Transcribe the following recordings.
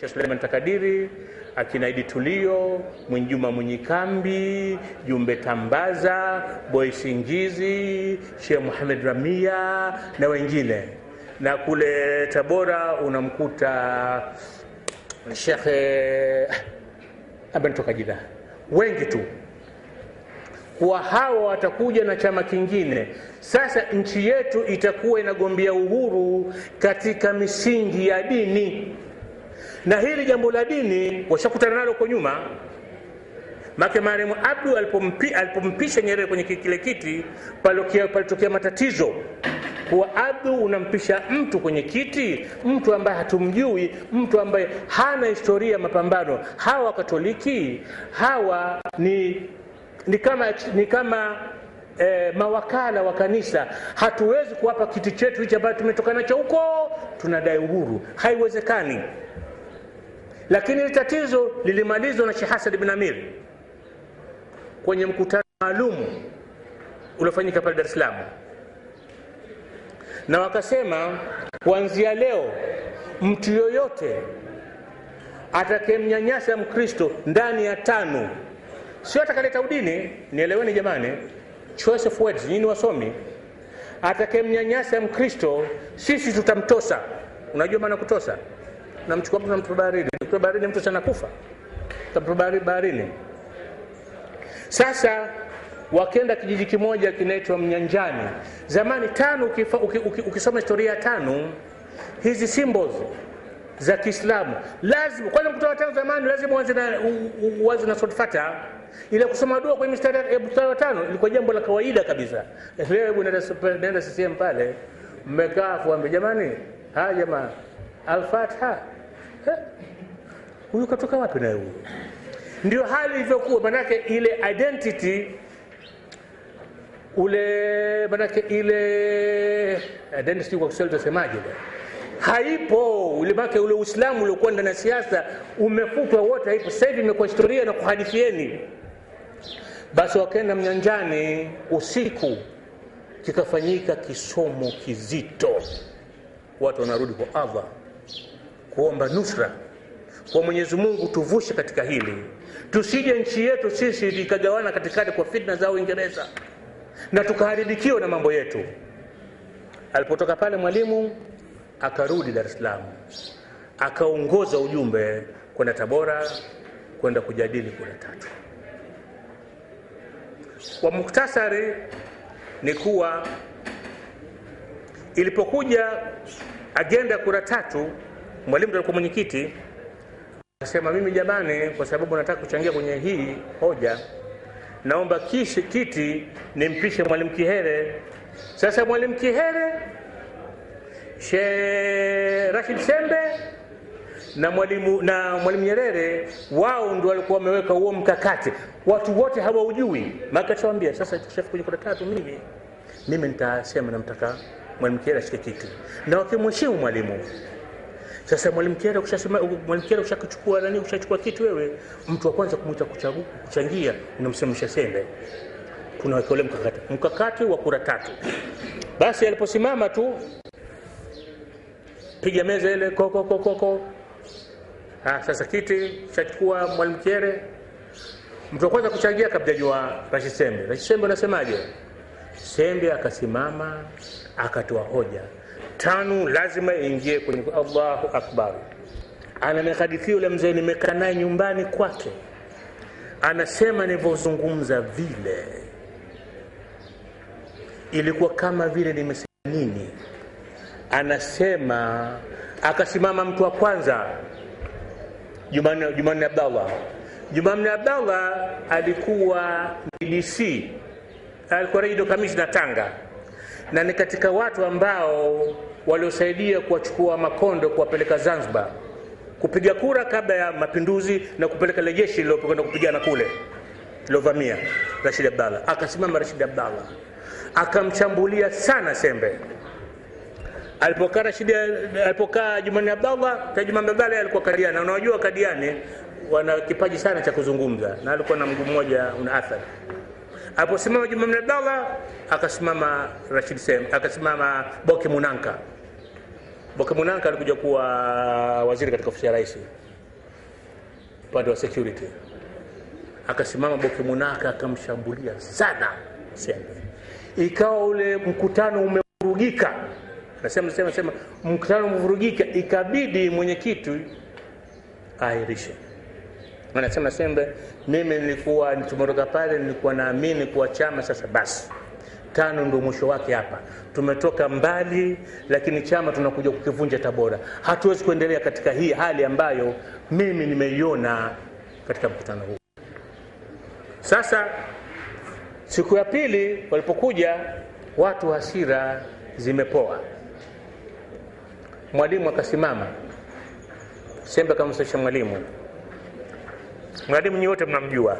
Sheikh Suleiman Takadiri, akina Idi Tulio, Mwinjuma Munyikambi, Jumbe Tambaza, Boy Singizi, Sheikh Muhammad Ramia na wengine. Na kule Tabora unamkuta Sheikh eh, abanitoka jina wengi tu kwa hawa watakuja na chama kingine. Sasa nchi yetu itakuwa inagombea uhuru katika misingi ya dini na hili jambo la dini washakutana nalo huko nyuma make marehemu Abdu alipompi, alipompisha Nyerere kwenye kile kiti palitokea matatizo kuwa Abdu unampisha mtu kwenye kiti, mtu ambaye hatumjui, mtu ambaye hana historia mapambano. Hawa Katoliki hawa ni, ni kama, ni kama eh, mawakala wa kanisa. Hatuwezi kuwapa kiti chetu hichi ambacho tumetoka nacho huko, tunadai uhuru. Haiwezekani. Lakini hili tatizo lilimalizwa na Sheikh Hassan bin Amir kwenye mkutano maalum uliofanyika pale Dar es Salaam, na wakasema kuanzia leo mtu yoyote atakayemnyanyasa Mkristo ndani ya tano, sio atakaleta udini. Nieleweni jamani, choice of words, nyinyi wasomi. Atakayemnyanyasa Mkristo sisi tutamtosa. Unajua maana kutosa, namchukua mtu namtoa Utapigwa baharini, mtu anakufa, utapigwa baharini. Sasa wakenda kijiji kimoja kinaitwa Mnyanjani. Zamani tano, ukisoma uki, uki, uki historia tano, hizi symbols za Kiislamu lazima kwanza, mkutano wa tano zamani lazima uanze na uanze na sura Fatiha. Ile kusoma dua kwa mstari wa Ebu eh, tano ilikuwa jambo la kawaida kabisa. Leo hebu nenda CCM pale, mmekaa fuambe, jamani, haya jamaa, Al-Fatiha eh, huyu katoka wapi naye huyu? Ndio hali ilivyokuwa, manake ile identity ule manake ile identity kwa Kiswahili tunasemaje ile haipo ule make ule Uislamu uliokuwa ndani ya siasa umefutwa wote, haipo sasa hivi, imekuwa historia na kuhadithieni. Basi wakaenda mnyanjani usiku, kikafanyika kisomo kizito, watu wanarudi kwa Allah kuomba nusra kwa Mwenyezi Mungu tuvushe katika hili, tusije nchi yetu sisi ikagawana katikati kwa fitna za Uingereza na tukaharibikiwa na mambo yetu. Alipotoka pale Mwalimu akarudi Dar es Salaam, akaongoza ujumbe kwenda Tabora kwenda kujadili kura tatu. Kwa muktasari ni kuwa ilipokuja agenda ya kura tatu, Mwalimu alikuwa mwenyekiti Nasema mimi jamani, kwa sababu nataka kuchangia kwenye hii hoja, naomba kishi kiti nimpishe Mwalimu Kihere. Sasa Mwalimu Kihere, Sheikh Rashid Sembe na mwalimu na Mwalimu Nyerere, wao ndio walikuwa wameweka huo mkakati, watu wote hawaujui. Makashawambia sasa tushafika kwenye tatu, mimi mimi nitasema namtaka Mwalimu Kihere ashike kiti na wakimheshimu mwalimu sasa mwalimu tayari ukishasema, mwalimu tayari ukishachukua nani, ukishachukua kitu, wewe mtu wa kwanza kumwita kuchangia, unamsemesha sembe. Tunaweka ule mkakati, mkakati wa kura tatu. Basi aliposimama tu, piga meza ile koko koko koko. Ah, sasa kiti chachukua mwalimu Kiere, mtu wa kwanza kuchangia kabdajua Rashid Sembe. Rashid Sembe unasemaje? Sembe akasimama akatoa hoja tano lazima ingie kwenye Allahu akbar. Ananihadithia yule mzee, nimekaa naye nyumbani kwake, anasema nilivyozungumza vile ilikuwa kama vile nimesema nini. Anasema akasimama mtu wa kwanza Jumanne, Jumanne Abdallah. Jumanne Abdallah alikuwa DC, alikuwa radio commissioner Tanga, na ni katika watu ambao waliosaidia kuwachukua makondo kuwapeleka Zanzibar kupiga kura kabla ya mapinduzi na kupeleka ile jeshi lilokwenda kupigana kule lilovamia Rashid Abdalla. Akasimama Rashid Abdalla akamchambulia sana Sembe alipokaa Rashid, alipokaa Jumani Abdallah Jumani Abdallah alikuwa Kadiani, na unajua Kadiani wana kipaji sana cha kuzungumza, na alikuwa na mguu mmoja una athari. Aliposimama Jumani Abdallah akasimama Rashid Sem, akasimama Boki Munanka Bakimunanka alikuja kuwa waziri katika ofisi ya rais upande wa security, akasimama Bakimunanka akamshambulia sana Sembe, ikawa ule mkutano umevurugika, nasema sema sema, mkutano umevurugika, ikabidi mwenyekiti airishe. Anasema Sembe, mimi nilikuwa tumetoka pale, nilikuwa naamini kuwa chama sasa basi tano ndio mwisho wake. Hapa tumetoka mbali, lakini chama tunakuja kukivunja Tabora. Hatuwezi kuendelea katika hii hali ambayo mimi nimeiona katika mkutano huu. Sasa siku ya pili walipokuja watu, hasira zimepoa. Mwalimu akasimama, Sembe akamsesha mwalimu, mwalimu nyote mnamjua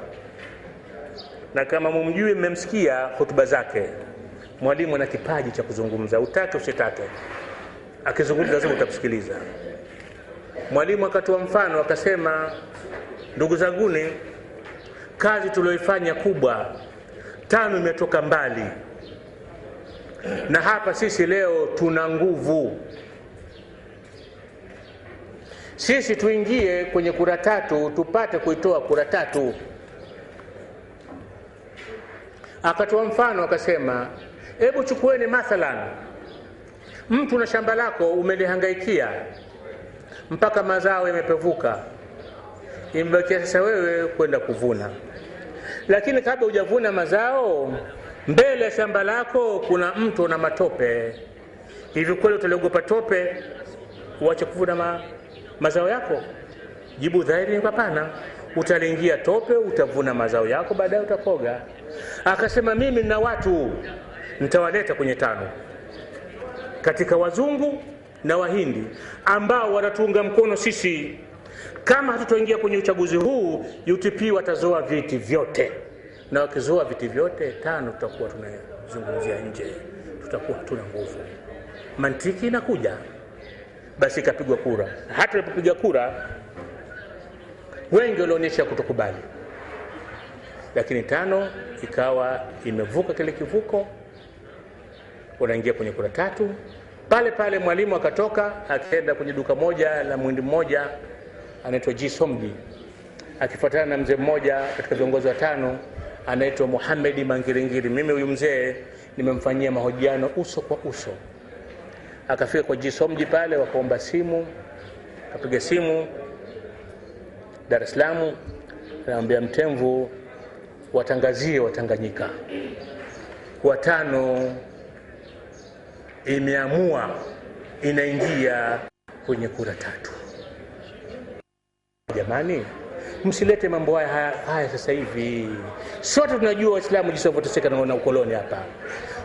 na kama mumjui, mmemsikia hotuba zake. Mwalimu ana kipaji cha kuzungumza, utake usitake, akizungumza lazima utamsikiliza. Mwalimu akatoa mfano akasema, ndugu zanguni, kazi tuliyoifanya kubwa, tano imetoka mbali, na hapa sisi leo tuna nguvu sisi tuingie kwenye kura tatu tupate kuitoa kura tatu. Akatoa mfano akasema, hebu chukueni mathalan, mtu na shamba lako umelihangaikia mpaka mazao yamepevuka, imebakia sasa wewe kwenda kuvuna. Lakini kabla hujavuna mazao, mbele ya shamba lako kuna mto na matope. Hivi kweli utaliogopa tope uache kuvuna ma, mazao yako? Jibu dhahiri ni hapana utalingia tope, utavuna mazao yako, baadaye utakoga. Akasema mimi na watu nitawaleta kwenye tano katika wazungu na wahindi ambao wanatuunga mkono sisi. Kama hatutaingia kwenye uchaguzi huu, UTP watazoa viti vyote, na wakizoa viti vyote tano, tutakuwa tunazungumzia nje, tutakuwa hatuna nguvu. Mantiki inakuja basi, ikapigwa kura. Hata ilipopiga kura wengi walionyesha kutokubali, lakini tano ikawa imevuka kile kivuko, unaingia kwenye kura tatu. Pale pale mwalimu akatoka akaenda kwenye duka moja la mwindi mmoja anaitwa G Somgi, akifuatana na mzee mmoja katika viongozi wa tano anaitwa Muhamedi Mangiringiri. Mimi huyu mzee nimemfanyia mahojiano uso kwa uso. Akafika kwa G Somgi pale, wakaomba simu, akapiga simu Dar es Salaam, naambia Mtemvu watangazie Watanganyika, watano imeamua inaingia kwenye kura tatu. Jamani, msilete mambo haya haya sasa hivi. Sote tunajua Waislamu jinsi wanavyoteseka na ukoloni hapa.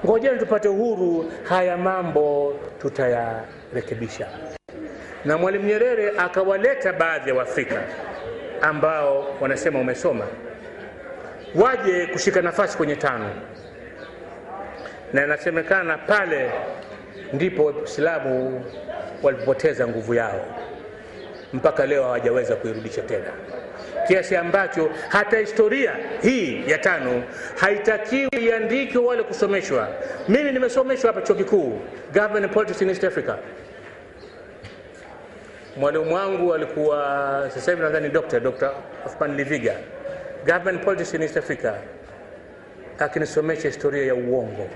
Ngojeni tupate uhuru, haya mambo tutayarekebisha. Na Mwalimu Nyerere akawaleta baadhi ya Waafrika ambao wanasema umesoma waje kushika nafasi kwenye tano, na inasemekana pale ndipo Waislamu walipoteza nguvu yao, mpaka leo hawajaweza kuirudisha tena, kiasi ambacho hata historia hii ya tano haitakiwi iandike wale kusomeshwa. Mimi nimesomeshwa hapa chuo kikuu Government Politics in East Africa Mwalimu wangu alikuwa sasa hivi nadhani Dr. Dr. Othman Liviga, government politics in East Africa, akinisomesha historia ya uongo,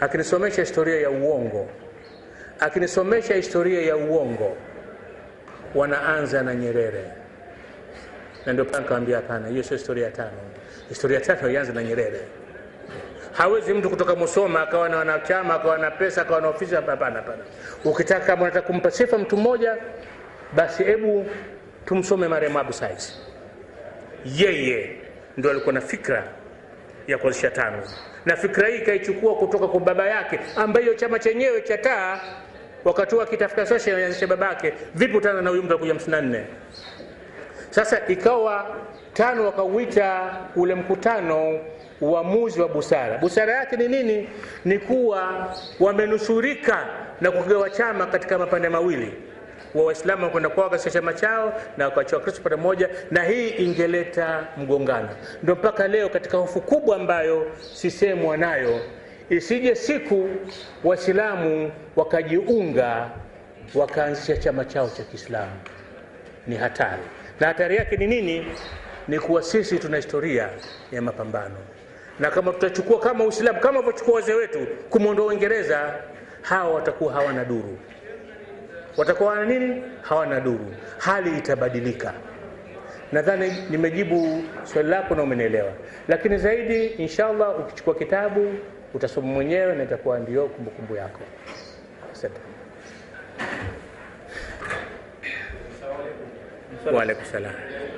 akinisomesha historia ya uongo, akinisomesha historia ya uongo, wanaanza na Nyerere na ndio paa nikawambia, hapana, hiyo sio historia tano. Historia tano ianze na Nyerere. Hawezi mtu kutoka Musoma akawa na wanachama akawa na pesa akawa na ofisi. Hapana, hapana. Ukitaka kama unataka kumpa sifa mtu mmoja, basi hebu tumsome marehemu Abu Said. Yeye ndio alikuwa na fikra ya kuanzisha tano na fikra hii ikaichukua kutoka kwa baba yake ambaye hiyo chama chenyewe cha taa wakati huo akitafuta sosha baba babake, vipi utana na huyu mtu akuja 54 sasa ikawa tano wakauita ule mkutano uamuzi wa busara. Busara yake ni nini? Ni kuwa wamenusurika na kugawa chama katika mapande mawili wa Waislamu wakwenda kwao katika chama chao na wakaacha Wakristo pande moja, na hii ingeleta mgongano. Ndio mpaka leo katika hofu kubwa ambayo sisemu wanayo, isije siku Waislamu wakajiunga wakaanzisha chama chao cha Kiislamu. Ni hatari, na hatari yake ni nini? Ni kuwa sisi tuna historia ya mapambano na kama tutachukua kama Uislamu kama wavyochukua wazee wetu kumwondoa Uingereza, hawa watakuwa hawana duru, watakuwa wana nini? Hawana duru. Hali itabadilika. Nadhani nimejibu swali lako na umenielewa, lakini zaidi inshallah, ukichukua kitabu utasoma mwenyewe na itakuwa ndio kumbukumbu yako. Asante. Waalaikum salaam.